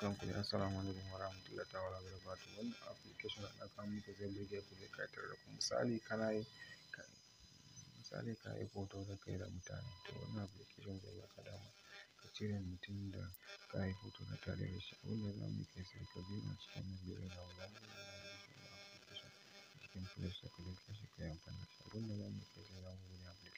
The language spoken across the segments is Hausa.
kan ku assalamu alaikum wa rahmatullahi ta'ala wa barakatuh wannan application da aka muku zai burge ku zai kaitar da ku misali kana yi misali ka yi hoto da kai da mutane to wannan application zai baka dama ka cire mutum da ka yi hoto da tare da shi abin da za mu kai sai ka biyo a cikin nan biyu na wula cikin play store ka zai kashe ka yi amfani da shi abin da za mu kai sai za mu gani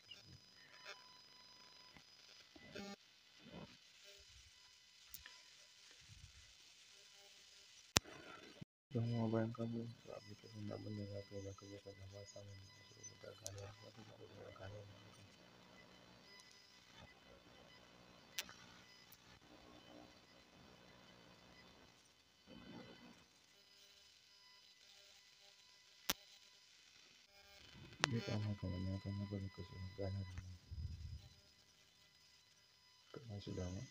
Don mobile su application abin da za ka yi za ka je ka zama samun masu rubuta kaya, za ka iya rubuta kayan naka. Zai kama kamar ya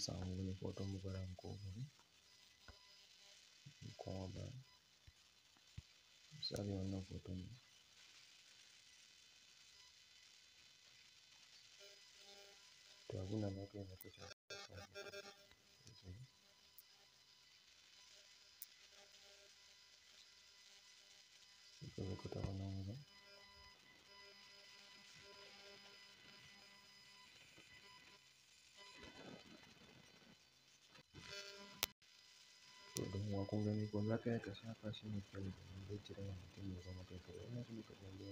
सांगून पोटमुखरांको కోబ సరే ఉన్న photo Alguna no que Waƙoƙin que la que ni